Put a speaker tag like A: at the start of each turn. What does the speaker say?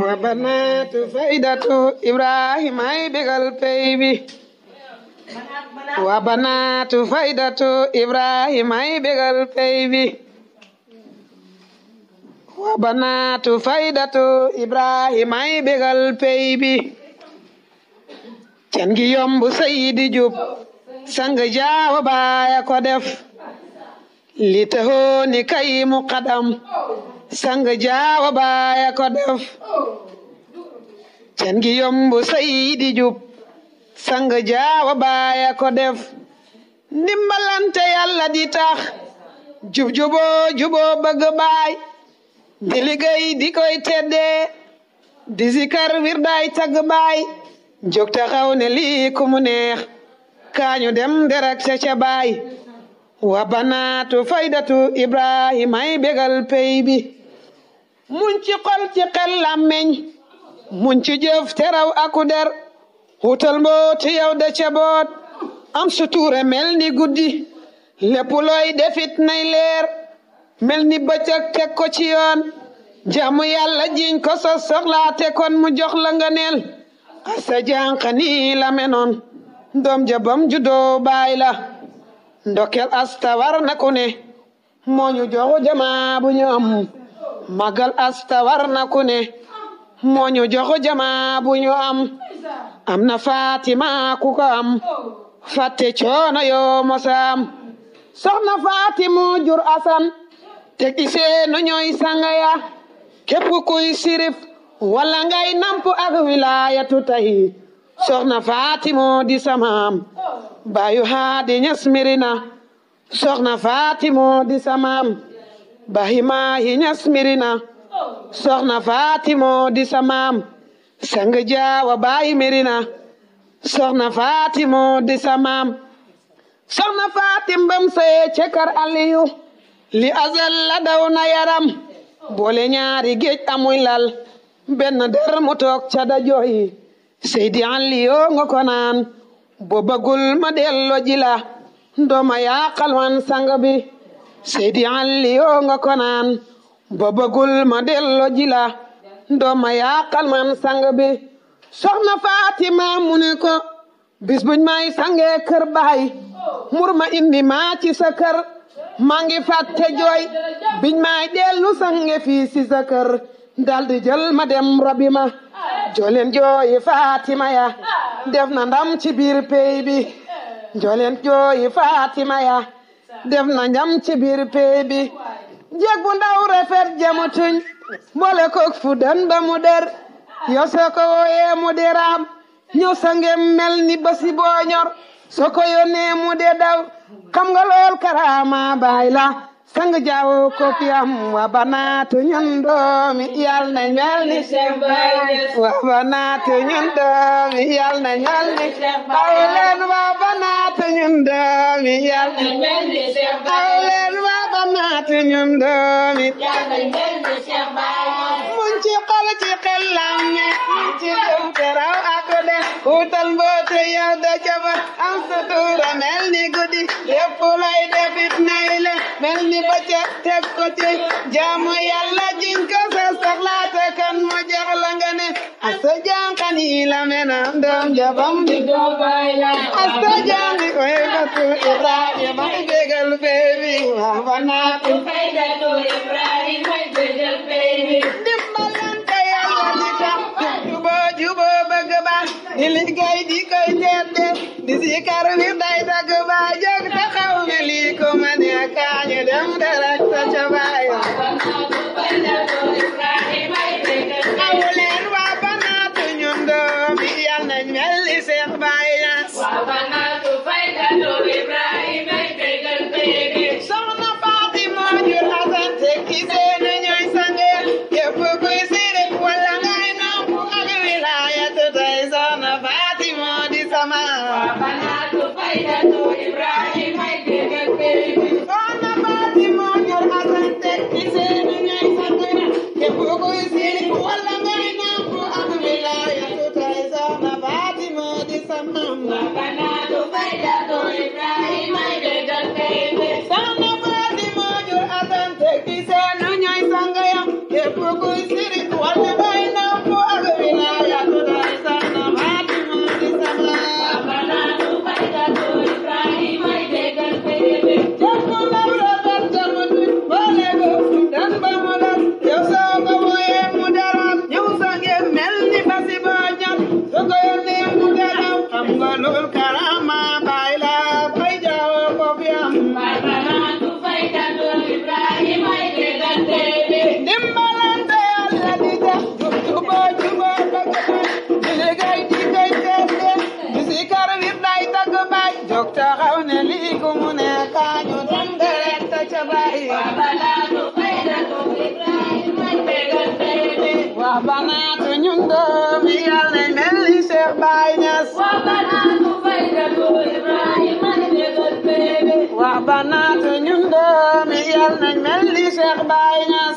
A: wa banaatu faydatu ibrahima ay bégal pey bi wa banaatu faydatu ibrahima ay bégal pey bi wa banaatu gi yomb sayidi jub sang jaawa baaya ko def li taxoo ni kay mu xadam sang jaawa baaya ko def can gi yomb saydi jub sang jaawa baaya ko def ndimbalante yàlla di tax jub juboo juboo bëgg baay di liggéey di koy teddee di zikar baay jóg taxaw ne lii ku mu neex kaañu dem derak ca ca wa banaatu faydatu ibrahima ay bégal pey bi muñ ci xol ci xel làmmeñ muñ ci jëf teraw aku der xuutal mbooti yow da caboot am sutuure mel ni guddi lépp defit nay leer mel ni ba bëccëg teg ko ci yoon jaamu yàlla jiñ ko sa soxlaate kon mu jox la nga neel asa jànq nii la menoon doom jabam judoo baay la ndokel astawar na ku ne moo ñu joxu jama am magal astawar na ku ne moo ñu joxu jama bu ñu am am na fatima ku ko am fatte coono yoo mosaam soxna fatimu jur asan te gisee nu ñooy sangaya kuy sirif wala ngay namp ak wilayatu tahi soxna fatimu di samaam baayu haadi ñas mirina soxna faati moo di samaam bahi maahi ñas mirina soxna faati moo di samaam sang jaawa baayi mirina soxna faati moo di samaam soxna faati mbam saye cekar aliyu li azal la daw na yaram boole ñaari géej amuy lal benn der toog ca da joyi seydi aliyu nga ko boo bëggul ma dello jila ndooma yaaqal wan sang bi seydi alliyoo nga ko naan boo bëggul ma dello jila ndooma yaaqal wan sang bi soxna Fatima mu ne ko bis buñ may sangee kër baay mur ma indi maa ci sa kër maa ngi fàtte jooy biñ may dellu sange fii si sa kër daldi jël ma dem rabi ma jooleen jooyi Fatima ya ah. def ndam ci biir pey bi eh. jooleen jooyi Fatima ya def ndam ci biir pey ndaw rafet jamu tuñ boole kook fu dan mu der yo soo ko wooyee mu deraam ñëw sa ngem mel ni basi boo soo ko yónnee mu de daw xam nga lool karaama baay la sang jaw ko piyam wa banaatu ñun doomi na ñal ni Cheikh wa banaatu ñun doomi na ñal ni Cheikh wa banaatu ñun doomi yal na ñal ni Cheikh Baye aw leen wa banaatu ñun doomi am sutura mel ni guddi lépp de mel nga di doo bay la di tax jubo jubo di liggéey di koy teete di sikar wi day dagg bye. mama. doom yi yàlla nañ mel ni Cheikh Baye Niass. wa banaatu faydatu Ibrahima Niass. wa banaatu ñun doom yi yàlla nañ mel ni Cheikh Baye Niass.